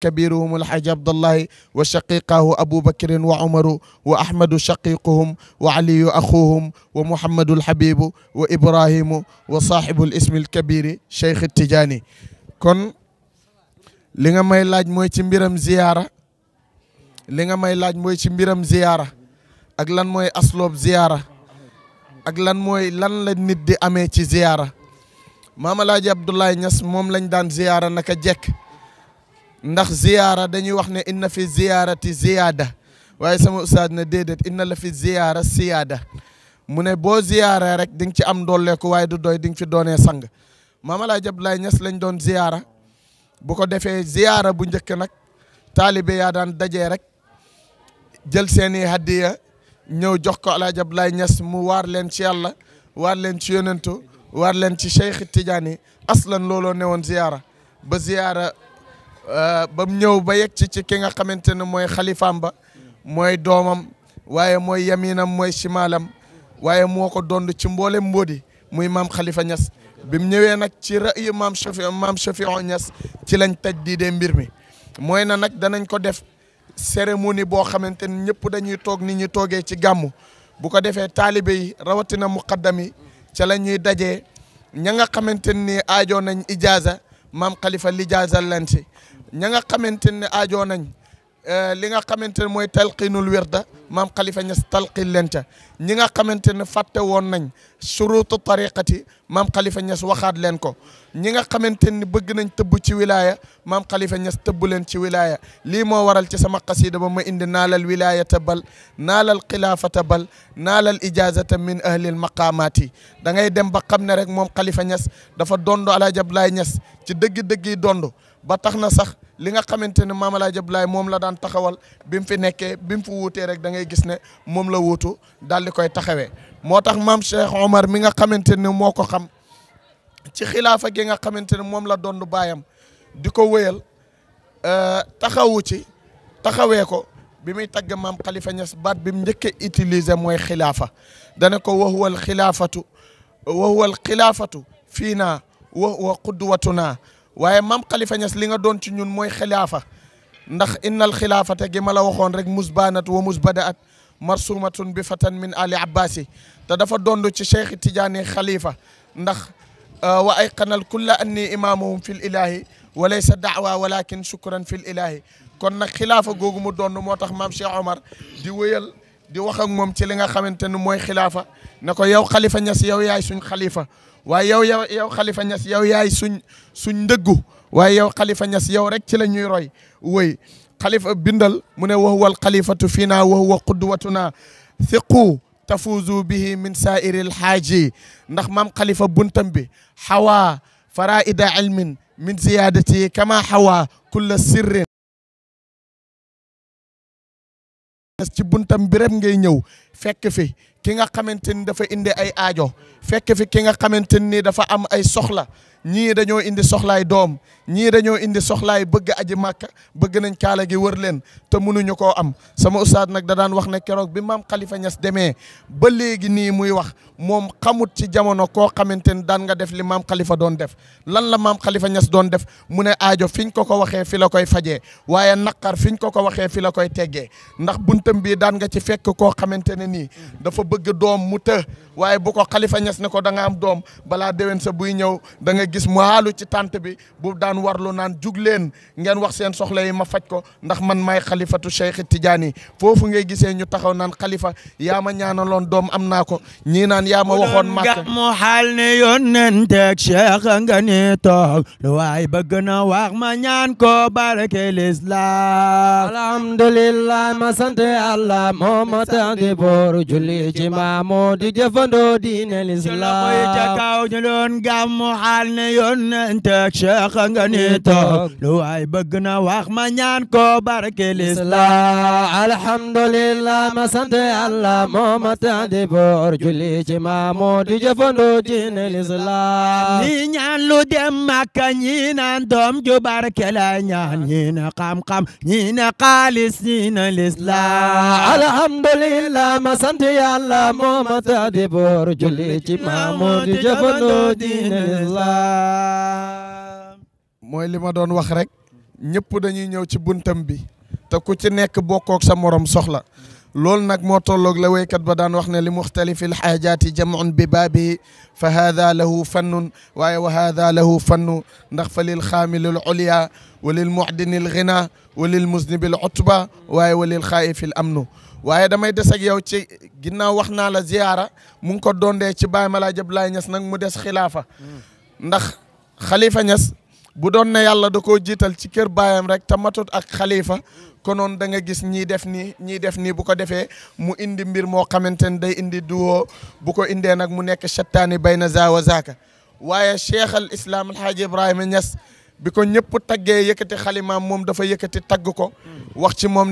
كبيرهم الحاج عبد الله وشقيقه ابو بكر وعمر واحمد شقيقهم وعلي اخوهم ومحمد الحبيب وابراهيم وصاحب الاسم الكبير شيخ التجاني كن ليغا ماي لاج موي تي ميرم زياره ليغا ماي لاج موي تي ميرم زياره اك لان موي اسلوب زياره اك لان موي لان لا نيت دي امي تي زياره ماما لاج عبد الله نياس موم لاج دان زياره نكا جيك ndax ziyaara dañuy wax ne inna fi ziyaarati ziyaada waaye sama ustaad na déedéet inna la fi ziyaara siyaada mu ne boo ziyaara rek di ci am ndolleeku waaye du doy di nga ci doonee sang maam El Hadj Abdoulaye Niass lañ doon ziyaara bu ko defee ziyaara bu njëkk nag taalibe yaa daan dajee rek jël seeni hadiya ñëw jox ko El Hadj Abdoulaye mu waar leen ci yàlla waar leen ci yonentu waar leen ci Cheikh Tidiane aslan looloo newoon ziyaara ba ziyaara Euh, bam mu ñëw ba yegg ci ci ki nga xamante ne mooy xalifaam ba mooy doomam waaye mooy yaminam mooy simaalam waaye moo ko dond ci mboolem mboodi muy maam xalifa ñas bi mu ñëwee nag ci ra'yu mam Chafi maam Chafion ñas ci lañ taj di dee mbir mi mooy na nag danañ ko def cérémonie boo xamante ni ñëpp dañuy toog nit ñu toogee ci gàmmu bu ko defee taalibe yi rawatina muqaddam yi ca la ñuy dajee ña nga xamante ni aajoo nañ ijaaza maam xalifa lijaazal leen si ña nga xamante ne aajoo nañ eh, li nga xamante ne mooy talqinul wirda maam kalifa Niass talqin leen ca ñi nga xamante ne fàtte woon nañ surutu tariqati maam Khalifa Niass waxaat leen ko ñi nga xamante ni bëgg nañ tëbb ci wilaya maam Khalifa ñes tëbb leen ci wilaya lii moo waral ci sama qasida ba ma indi naalal wilayata bal naalal xilaafata bal naalal ijazata min ahlil maqaamaati da ngay dem ba xam ne rek moom Khalifa Niass dafa dondo Alaaji Ablaay Niass ci dëgg-dëgg ba taxna sax li nga xamante ne Mame El la daan taxawal bim fi nekké bim fu wuté rek da ngay gis ne mom la wotu dal di koy taxawee moo Cheikh Omar mi nga xamante moko xam ci khilafa gi nga xamante mom la dondu bayam diko wëyel euh taxawu ci taxawé ko bi muy tagg mam Khalifa Niass baat bi mu utiliser moy khilafa dana ko wa huwa al khilafatu wa huwa al khilafatu fina wa huwa qudwatuna waye mam Khalifa Niass li nga doon ci ñun moy khilafa ndax innal khilafata gi ma la waxoon rek musbanat wa musbadaat marsumatun bi fatan min ali abbas ta dafa dond ci cheikh tidiane khalifa ndax wa ay qanal kulla anni imamuhum fil ilahi wa laysa da'wa walakin shukran fil ilahi kon nak khilafa gogu mu dond motax mam cheikh omar di wëyal di wax ak mom ci li nga xamante moy khilafa nako yow khalifa ñass yow yaay suñ khalifa way yow yow khalifa ñass yow yaay suñ suñ deggu way yow khalifa ñass yow rek ci lañuy roy woy khalifa bindal mu ne wa huwa al xalifatu fii wa huwa qudwatuna thiqu tafuzu bihi min saairi haji ndax mam khalifa buntam bi hawa faraida ilmin min ziyadati kama hawa kull sirrin ci buntam bi ngay ñëw fekk fi ki nga xamante ni dafa indi ay ajo fekk fi ki nga xamante ni dafa am ay soxla ñii dañoo indi soxlaay doom ñii dañoo indi soxlaay bëgg aji màkka bëgg nañ kaala gi wër leen te mënuñu koo am sama ustaad nag da daan wax ne keroog bi maam Khalifa ñas demee ba léegi nii muy wax moom xamut ci jamono koo xamante ni daan nga def li maam Khalifa doon def lan la maam Khalifa doon def mu ne aajo fiñ ko ko waxee fi la koy fajee waaye naqar fiñ ko ko waxee fi la koy teggee ndax buntam bii daan nga ci fekk koo xamante ne nii bëgg doom mu të waye bu ko khalifa ñess ne ko da nga am doom bala dewen sa buy ñew da nga gis mu halu ci tante bi bu daan warlu naan jug leen ngeen wax seen soxla yi ma fajj ko ndax man may khalifatu Cheikh Tidiane fofu ngay gisee ñu taxaw naan khalifa yaa ma ñaanaloon doom am naa ko ñi naan yaa ma waxoon màkk mu hal ne yon yónnenteeg Cheikh nga ne tok lu waay bëgg na wax ma ñaan ko barke l'islam alhamdulillah ma sante Allah moo ma tàngi boor julli ci maamu di jëfandoo diine lislaam ci loxo ca kaw ñu doon gàmmu xaal ne yonent ak cheikh nga ni toog lu waay bëgg na wax ma ñaan ko barke lislaam alhamdulillah ma sant yàlla moo ma tàddi boor julli ci maamu di jëfandoo diine lislaam ñi ñaan lu dem Makka ñi naan doom ju barke la ñaan ñi na xam-xam ñi na xaalis ñi na lislaam alhamdulillah ma sant yàlla yàlla moo ma tax di boor julli ci maamu di jëfandoo diine lislaam mooy li ma doon wax rek ñëpp dañuy ñëw ci buntam bi te ku ci nekk bokkook sa morom soxla loolu nag moo tolloog la waykat ba daan wax ne li muxtalifi alxaajaati jamcun bi baabihi fa haada lahu fannun waaye wa haada lahu fannu ndax fa lil xaamili l ulya wa lil muxdini l gina wa lil musnibi l utba waaye wa lil xaayifi l amnu waaye damay des ak yow ci ginnaaw wax naa la ziyaara mu ngi ko dondee ci Baye Malaaj Ablaye Ñas nag mu des xilaafa ndax xalifa Ñas bu doon ne yàlla da koo jiital ci kër baayam rek te matut ak xalifa konoon da nga gis ñii def ni ñii def nii bu ko defee mu indi mbir moo xamante ne day indi duwoo bu ko indee nag mu nekk shattaani bay na zaawa zaaka waaye cheikh al islam alhaaji ibrahima ñas bi ko ñëpp taggee yëkkati xalimaam moom dafa yëkkati tagg ko wax ci moom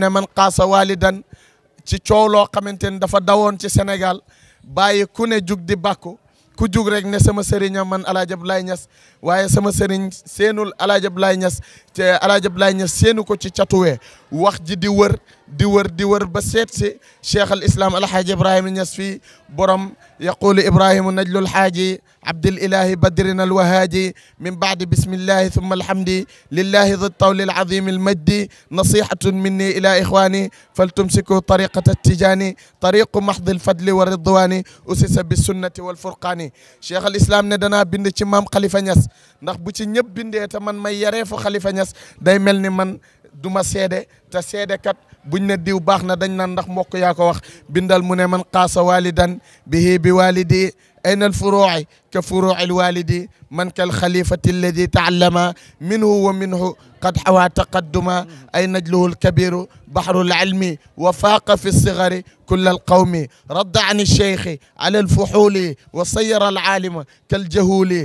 ci coow loo xamante ni dafa dawoon ci Sénégal bàyyi ku ne jug di bàkku ku jug rek ne sama sëriñ man El Hadj Abdoulaye waaye sama sëriñ seenul El Hadj Abdoulaye Niass te El Hadj Abdoulaye Niass seenu ko ci catuwe wax ji di wër di wër di wër ba seet si cheikh al islam alhaaji ibrahima ñas fii borom yaqulu ibrahimu najlul haaji abdul ilahi badrin al wahaaji min baadi bismillahi thumma alhamdi lillahi dhi tawli al azim al majdi nasihatun minni ila ikhwani faltumsiku tariqata tijani tariqu mahdi al fadli wa ridwani usisa bi sunnati wal furqani cheikh al islam ne danaa bind ci maam xalifa ñas ndax bu ci ñëpp bindee te man may yaree fu xalifa ñas day mel ni man du ma seede te seedekat buñ ne diw baax na dañ naan ndax mbokk yaa ko wax bindal mu ne man qaasa walidan bihi bi walidi ayna al furuuci ka furuuci al walidi man kal xalifati alladi taallama minhu wa minhu qad xawaa taqadduma ay najluhu alkabiru baxru alcilmi wa faaqa fi lsigari kulla alqawmi radda an alcheikhi ala alfuxuuli wa sayara alcaalima kaljahuuli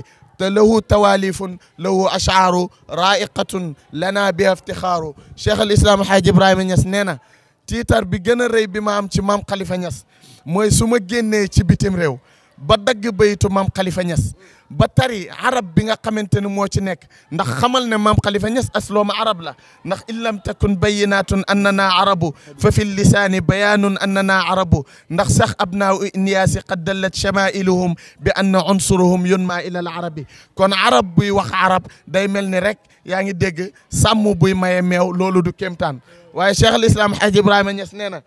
له تواليف له اشعار رائقه لنا بها افتخار شيخ الاسلام الحاج ابراهيم نياس نينا تيتر بي غن ري بما ام تي مام خليفه نياس موي سوما генي تي بيتم ريو با دغ بيتو مام خليفه نياس ba tari arab bi nga xamante ne moo ci nekk ndax xamal ne maam Khalifa Niass aslooma arab la ndax in lam takun bayinatun annana arabu fa fi lisaani bayaanun annana arabu ndax sax abnaau inyaasi qad dallat chamailuhum bi anna unsuruhum yunma ila al arabi kon arab buy wax arab day mel ni rek yaa ngi dégg sàmm buy maye meew loolu du kéemtaan waaye cheikh al islam haj ibrahima Niass nee na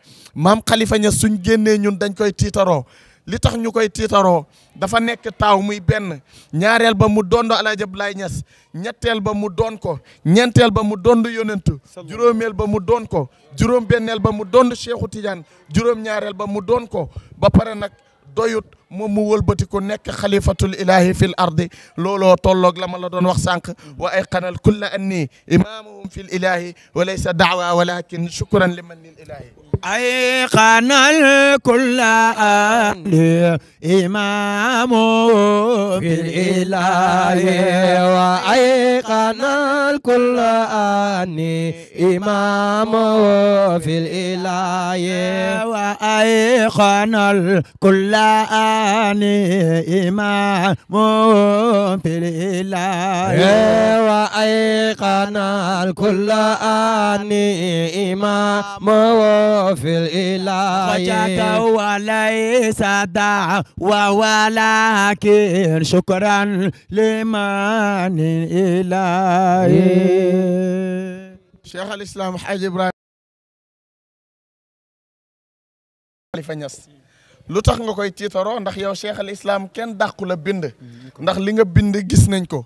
maam Khalifa Niass suñ génnee ñun dañ koy tiitaroo li tax ñu koy tiitaroo dafa nekk taaw muy benn ñaareel ba mu doon El Hadj Abdoulaye Niass ñetteel ba mu doon ko ñeenteel ba mu doon yonent juróomeel ba mu doon ko juróom benneel ba mu doon Cheikhou Tidiane juróom ñaareel ba mu doon ko ba pare nag doyut moom mu wëlbati ko nekk ilahi fil ardi lolo tolloog la ma la doon wax sànq wa ay qanal kulla anni imamuhum fil ilahi wa laysa daawa walakin shukran liman lil ilahi أيقن الكل أهلي إمام في وأيقن الكل أني إمام في الإله وأيقن الكل أني إمام في الإله وأيقن الكل أني إمام في الإله رجاك وليس دع ولكن شكرا لمن إلهي شيخ الإسلام حاج إبراهيم لو تيترو ndax yow cheikh al islam ken dakou la bind mm-hmm. ndax li nga bind gis nagn ko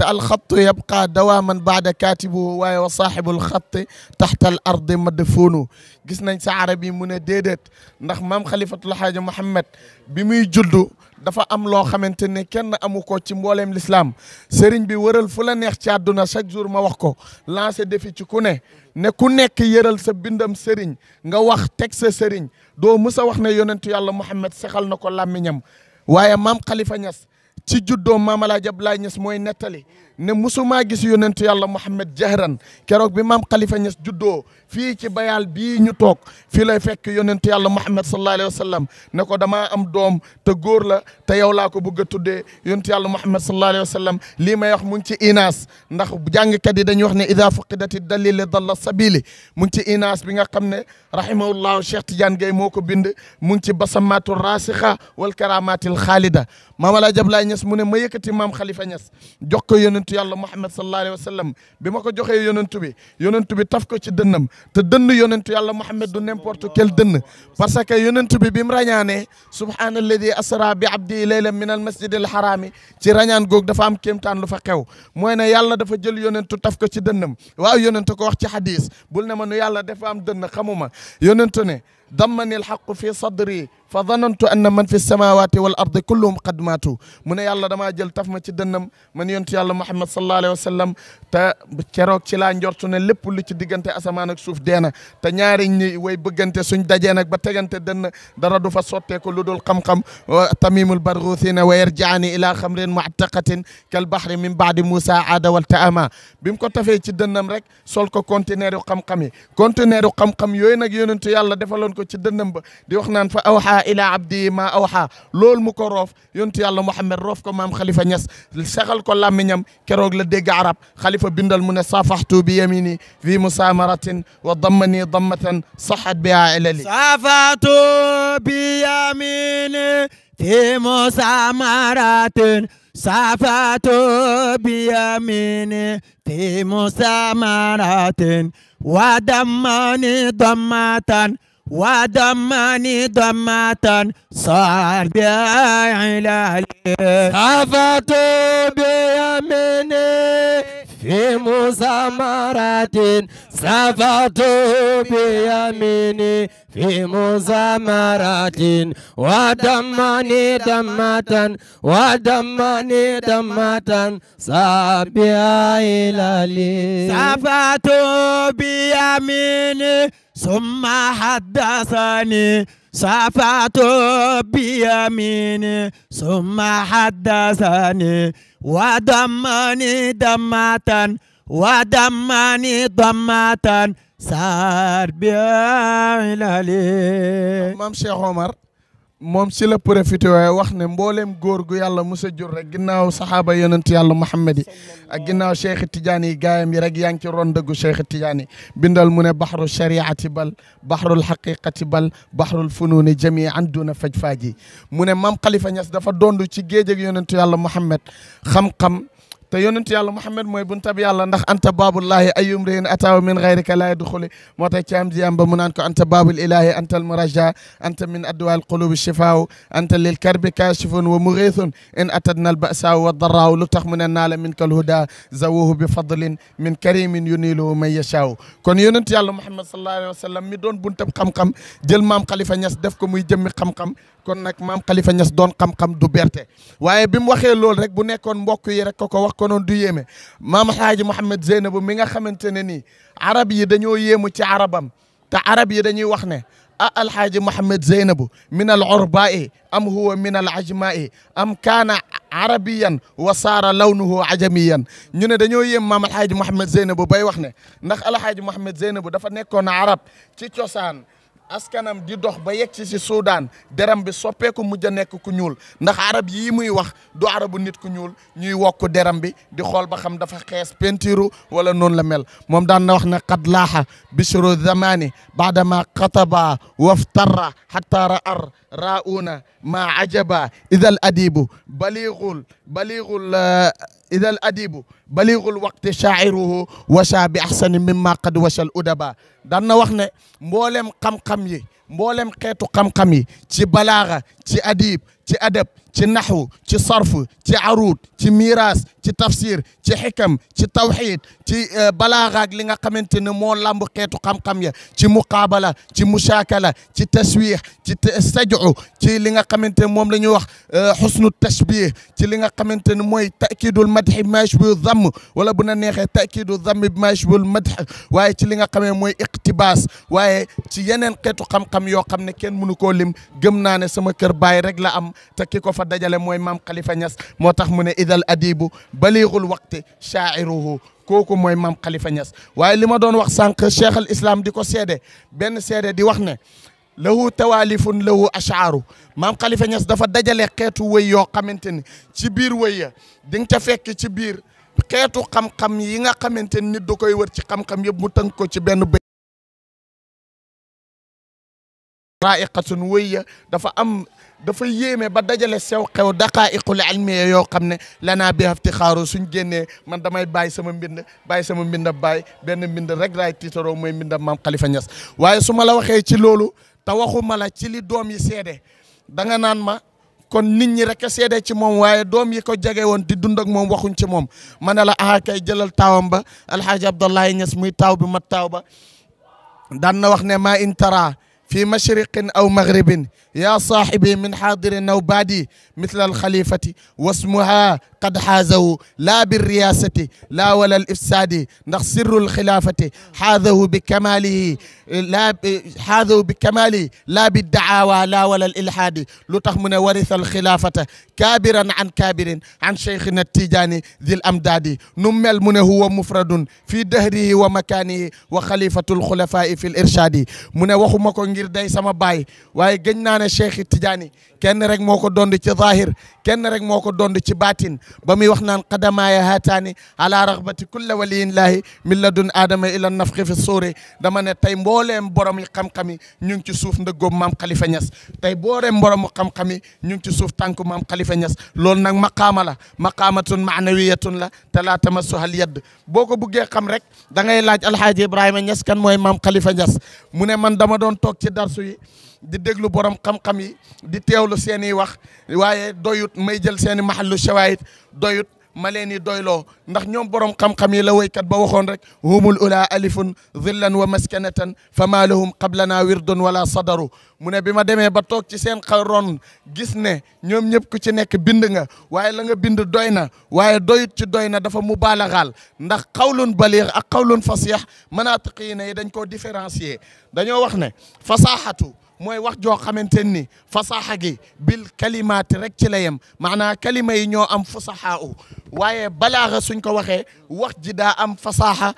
الخط يبقى دواما بعد كاتبه وصاحب الخط تحت الارض مدفونه جسنا نسى عربي من ديدت نخ مام خليفة الحاج محمد بمي جلدو دفا ام لو خامتني كين امو كو تي مبولم الاسلام سيرن بي ورال فلا نيه تي ادنا شاك جور ما واخكو لانسي ديفي تي كو نه نه كو نيك ييرال سا بندم سيرن nga wax texte serigne do musa wax ne yonentou yalla محمد سخال نكو لامي نيام وايا مام خليفة نياس ci juddoo Maam Alaaji Abdoulaye Niass mooy nettali ne musuma gis yonent yàlla Mouhamed jahran kérok bi mam Khalifa ñes juddo fi ci bayal bi ñu tok fi lay fekk yonent yàlla Mouhamed sallallahu alayhi wasallam ne ko dama am dom te gor la te yow la ko bëgg tuddé yonent yàlla Mouhamed sallallahu alayhi wasallam li may wax mu ci inas ndax jang kat yi dañ wax ne ida fuqidati dalili dalla sabil mu ci inas bi nga xamne ne rahimahullahu Cheikh Tidiane gay moko bind mu ci basamatur rasikha wal karamatil khalida mamala jablay ñes mu ne ma yëkëti mam Khalifa ñes jox ko yonent yonentu yàlla Muhammad sallallahu alayhi wa sallam bi ma ko joxee yonentu bi yonentu bi taf ko ci dënnam te dënn yonentu yàlla Muhammad du n'importe quel dënn parce que yonentu bi bi mu rañaanee subhaanalladi asra bi abdi laylan min al masjidil haraami ci rañaan goog dafa am kéemtaan lu fa xew mooy na yàlla dafa jël yonentu taf ko ci dënnam waaw yonentu ko wax ci hadis bul ne ma nu yàlla dafa am dënn xamuma yonentu ne ضمني الحق في صدري فظننت ان من في السماوات والارض كلهم قد ماتوا من يالله دما جيل تفما سي دنم من يونت يالله محمد صلى الله عليه وسلم تا تيروك سي لا نجورتو ني ليپ لي سي ديغنت اسمانك سوف دينا تا نياري ني وي بغنت سون داجي نك با تيغنت دن دارا دو فا سوتيكو لودول خمخم تميم البرغوثين ويرجعني الى خمر معتقه كالبحر من بعد موسى عاد والتاما بيم كو تافي سي دنم رك سول كو كونتينيرو خمخمي كونتينيرو خمخم يوي نك يونت يالله ديفالون ko ci dënnam ba di wax naan fa awxaa ilaa abdi ma awxaa loolu mu ko roof yontu yàlla Mouhamed roof ko maam Khalifa Niass saxal ko làmmiñam keroog la dégg arab Khalifa bindal mu ne saafaxtu bi yamini fi musaamaratin wa dammani dammatan saxat biha ilali saafaxtu bi yamini في مسامرة سافت بيميني في مسامرة ودمني ضمة ودمني دمة صار بها علالي خفت بيميني في مزمرة سافرت بيميني في مزامرات ودمني دمة ودمني دمة سابيا إلى لي سافت بيميني ثم حدثني سافت بيميني ثم حدثني ودمني دمة ودمني دمة saar bi ilaali maam Cheikh Omar moom si la profité waaye wax ne mbooleem góor gu yàlla mos a jur rek ginnaaw saxaaba yonent yàlla Muhammad yi ak ginnaaw Cheikh Tidiane yi gaayam yi rek yaa ngi ci ron dëggu Cheikh Tidiane yi bindal mu ne baxru shariati bal baxrul xaqiqati bal baxrul funuuni jamii an duna faj faaji mu ne maam Khalifa Niass dafa dond ci géej ak yonent yàlla Muhammad xam-xam te yonent yàlla Muhammad mooy buntab yàlla ndax anta babul lahi ayyum riin ataw min xayrika la yadxuli motay tax caam ji ba munan ko anta babul ilahi anta al muraja anta min adwa al qulub shifa anta lil karb kaashifun wa mughiithun in atadna al ba'sa wa dharra wa lutakh mu ne naala min kal huda zawuhu bi fadlin min karimin yunilu man yasha kon yonent yàlla Muhammad sallallahu alayhi wasallam mi don buntab xam-xam jël mam Khalifa nyas def ko muy jëmmi xam-xam kon nak mam Khalifa Niass doon xam-xam du berte waye bimu waxé waxee rek bu nekkon mbokk yi rek koko wax ko noon du yéme mam haji mohammed Zeynabu mi nga xamantene ni arab yi dañoo yému ci arabam ta arab yi dañuy wax ne al haji mohammed Zeynabu min al urba'i am huwa min al ajma'i am kana arabiyan wa saara lawnuhu ajamiyan ñu ne dañoo yéem maam Alhaaji Mouhamed Zeynabu bay wax ne ndax Alhaaji Mouhamed Zeynabu dafa nekkoon arab ci cosaan askanam di dox ba yegg si si Soudan deram bi soppeeku mujj a nekk ku ñuul ndax arab yii muy wax du arabu nit ku ñuul ñuy wokk deram bi di xool ba xam dafa xees pentiru wala noonu la mel moom daan na wax ne qad laaha bishru zamani baadama qataba waftarra hatta ra'ar راؤون ما عجبا إذا الأديب بليغ بليغ إذا الأديب بليغ الوقت شاعره وشا بأحسن مما قد وشى الأدباء دانا واخني مبولم قم قمي مبولم قيتو قم قمي تي بلاغة تي أديب تي أدب تي نحو تي صرف تي عروض تي ميراث ci tafsir ci hikam ci tawhid ci balagha ak li nga xamante mo lamb xetu xam-xam ya ci muqabala ci mushakala ci taswih ci sajju ci li nga xamante mom lañu wax xusnu tashbih ci li nga xamante moy ta'kidul madh madxi bi ma yashbihu wala bu na nexe ta'kidul dham bi ma yashbihul madx ci li nga xamé moy iqtibas waye ci yenen xetu xam-xam yo xamne ken munu ko lim gëm naa ne sama kër baay rek la am ta kiko fa dajale moy mam Khalifa Niass motax muné idhal idal adibu baliixul waqti shaa'iruhu kooku mooy maam Khalifa Niass waaye li ma doon wax sànq cheikh al di ko seede benn seede di wax ne lahu tawaalifun lahu ashaaru maam Khalifa Niass dafa dajale xeetu wëy yoo xamante ni ci biir wëy ya ca fekk ci biir xeetu xam-xam yi nga xamante ni nit du koy wër ci xam-xam yëpp mu tënk ko ci benn رائقة وية دفا أم دفا ييمي با داجال سيو خيو دقائق العلمية يو خمنا لنا بها افتخار سون جيني من داماي باي سما مبند باي سما مبند باي بين مبند رك راي تيترو موي مبند مام خليفة نياس واي سوما لا واخي تي لولو تا واخو مالا تي لي دومي سيدي داغا نان ما kon nit ñi rek sédé ci mom waye doom yi ko jégé won di dund ak mom waxuñ ci mom manela a kay jëlal tawam ba alhaji abdullah ñess muy taw bi mat taw ba dan na في مشرق أو مغرب يا صاحبي من حاضر أو بادي مثل الخليفة واسمها قد حازوا لا بالرياسة لا ولا الإفساد نخسر الخلافة حاذه بكماله لا حاذه بكماله لا بالدعاوى لا ولا الإلحاد لتخمن ورث الخلافة كابرا عن كابر عن شيخنا التيجاني ذي الأمداد نمل من هو مفرد في دهره ومكانه وخليفة الخلفاء في الإرشاد من وخو مكو نجير داي سما باي واي جنان الشيخ التيجاني كان رك موكو دوند ظاهر كان رك موكو دوند باتن ba muy wax naan qadamaaya haataani ala raghbati kulla waliyin laahi min ladun aadama ila nafxi fi suuri dama ne tey mbooleem borom yi xam-xam yi ñu ngi ci suuf ndëggoom maam Khalifa Niass tey booleem boromu xam-xam yi ñu ngi ci suuf tànku maam Khalifa Niass loolu nag maqaama la maqaamatun maanawiyatun la te laa tamassuhal yadd boo ko buggee xam rek da ngay laaj alhaaji Ibrahima Niass kan mooy maam Khalifa Niass mu ne man dama doon toog ci darsu yi di déglu borom xam-xam yi di tewlu seeni wax waye doyut may jël seeni mahallu shawaid doyut maleni doylo ndax ñom borom xam-xam yi la way kat ba waxon rek humul ula alifun dhillan wa maskanatan fama lahum qablana wirdun wala sadaru mu ne bi ma ba tok ci seen xaroon gis ne ñom ñep ku ci nek bind nga waye la nga bind doyna waye doyut ci doyna dafa mubalaghal ndax qawlun baligh ak qawlun fasih manatiqina dañ ko différencier dañu wax ne fasahatu moy wax jo xamanteni fasaha gi bil kalimat rek ci layam makna kalima yi ñoo am fasaha waye waaye suñ ko waxe wax ji da am fasaha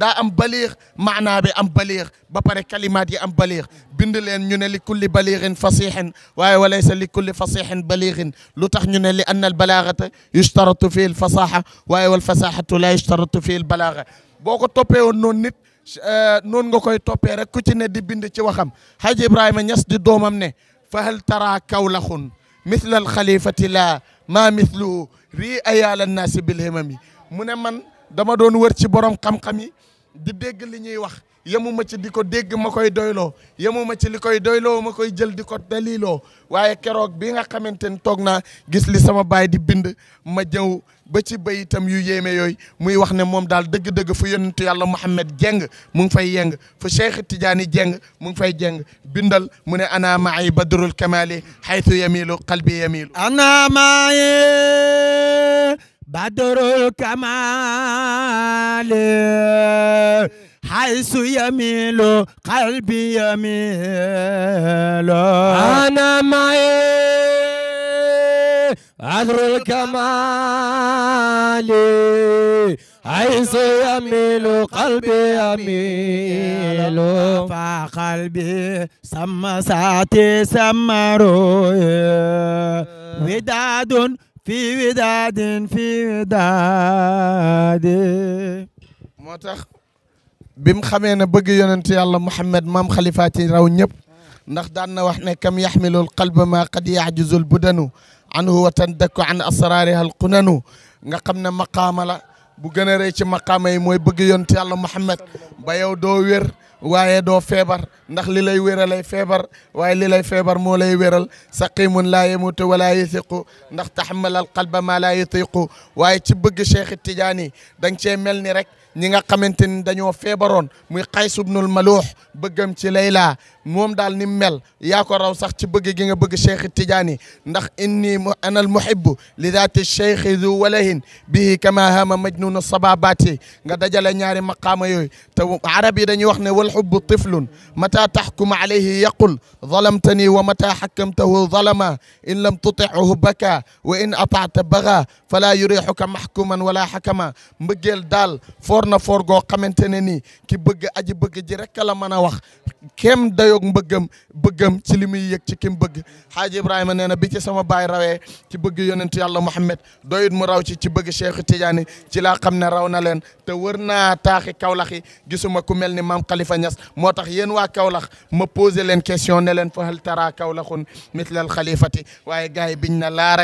da am baliix makna bi am baliix ba pare kalimat yi am baliix bind leen ñu ne li kulli balighin fasixin waye walaysa li kulli fasixin baliixin lu tax ñu ne li an al balaaxata yushtaratu fi al fasaha waye wal fasahatu la yushtaratu fi al balagha boko ko toppee woon nit Euh, noonu nga koy toppee rek ku ci ne di bind ci waxam Haji Ibrahima Ñas di doomam ne fa hal tara kawlaxun mithla al xalifati la ma mithluhu rii ayaala naasi bil himami mu ne man dama doon wër ci borom xam-xam yi di dégg li ñuy wax yemuma ci di ko dégg ma koy doyloo yemuma ci li koy doyloo ma koy jël di ko daliloo waaye keroog bi nga xamante ni toog naa gis li sama baay di bind ma jëw ba ci bayitam yu yéeme yooyu muy wax ne moom daal dëgg-dëgg fu yonentu yàlla Muhammad jeng mu ngi fay yeng fu Cheikh Tidiane jeng mu ngi fay jeng bindal mu ne ana maay badrul kamali haythu yamilu qalbi yamilu ana maay عذر الكمالي عيسى يميل قلبي يميل فقلبي سما ساتي سما روي وداد في وداد في وداد موتاخ بيم خامي انا بغي يونت يالله محمد مام خليفاتي راو نيب ناخ دان واخ كم يحمل القلب ما قد يعجز البدن عنه وتندك عن أسرارها القنن نقمنا مقاملا بغن ري سي مقامي موي بغ يونت الله محمد با يو دو وير وايي دو فيبر ناخ لي لاي ويرالاي فيبر واي لي لاي فيبر مولاي ويرال سقيم لا يموت ولا يثق ناخ تحمل القلب ما لا يطيق واي سي شيخ التجاني دنج ملني رك ñi nga xamante dañoo feebaroon muy Qays ibnul Maluux bëggam ci Layla moom daal ni mel yaa ko raw sax ci bëgg gi nga bëgg Cheikh tidiani ndax inni ana al muhibbu li daati Cheikh du walahin bihi kama hama majnun sababati nga dajale ñaari maqaama yooyu te arab yi dañuy wax ne wal hubbu tiflun mata taxkum alayhi yaqul zalamtani wa mata xakamtahu zalama in lam tutihu baka wa in ataata baga fala yurixuka maxkuman wala xakama mbëggeel daal for foor na foor goo xamante ne nii ki bëgg aji bëgg ji rek la mën a wax kem dayoog mbëggam bëggam ci li muy yëg ci kim bëgg xaaji ibrahima nee na bi ci sama baay rawee ci bëgg yonent yàlla Muhammad doyut mu raw ci ci bëgg Cheikh Tidiane ci laa xam ne raw na leen te wër naa taaxi Kaolack yi gisuma ku mel ni maam Khalifa Niass moo tax yéen waa Kaolack ma posé leen question ne leen fa hal tara Kaolackun mitlal xalifati waaye gars yi biñ na laara